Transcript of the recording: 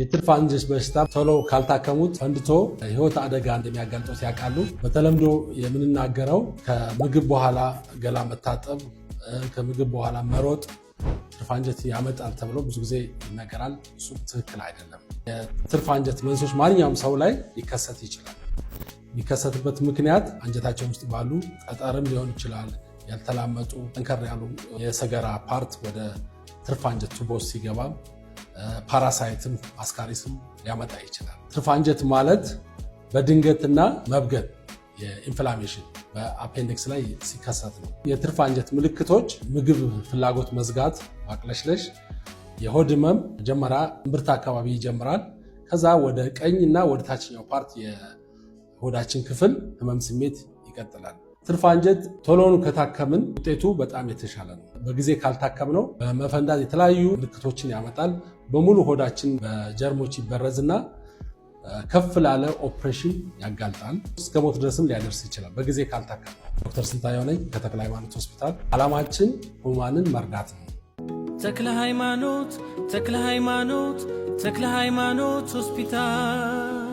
የትርፍ አንጀት በሽታ ቶሎ ካልታከሙት ፈንድቶ ህይወት አደጋ እንደሚያጋልጦት ያውቃሉ። በተለምዶ የምንናገረው ከምግብ በኋላ ገላ መታጠብ፣ ከምግብ በኋላ መሮጥ ትርፋንጀት ያመጣል ተብሎ ብዙ ጊዜ ይነገራል። እሱ ትክክል አይደለም። የትርፋንጀት አንጀት መንስኤዎች ማንኛውም ሰው ላይ ሊከሰት ይችላል። የሚከሰትበት ምክንያት አንጀታቸው ውስጥ ባሉ ጠጠርም ሊሆን ይችላል። ያልተላመጡ ጠንከር ያሉ የሰገራ ፓርት ወደ ትርፋንጀት አንጀት ቱቦ ሲገባ ፓራሳይትም አስካሪስም ሊያመጣ ይችላል። ትርፍ አንጀት ማለት በድንገትና መብገት የኢንፍላሜሽን በአፔንዲክስ ላይ ሲከሰት ነው። የትርፍ አንጀት ምልክቶች ምግብ ፍላጎት መዝጋት፣ ማቅለሽለሽ፣ የሆድ ህመም መጀመሪያ እምብርት አካባቢ ይጀምራል። ከዛ ወደ ቀኝና ወደ ታችኛው ፓርት የሆዳችን ክፍል ህመም ስሜት ይቀጥላል። ትርፍ አንጀት ቶሎኑ ከታከምን ውጤቱ በጣም የተሻለ ነው። በጊዜ ካልታከምነው በመፈንዳት የተለያዩ ምልክቶችን ያመጣል። በሙሉ ሆዳችን በጀርሞች ይበረዝና ከፍ ላለ ኦፕሬሽን ያጋልጣል። እስከ ሞት ድረስም ሊያደርስ ይችላል በጊዜ ካልታከመ። ዶክተር ስንታየው ነኝ ከተክለ ሃይማኖት ሆስፒታል። ዓላማችን ህሙማንን መርዳት ነው። ተክለ ሃይማኖት ተክለ ሃይማኖት ተክለ ሃይማኖት ሆስፒታል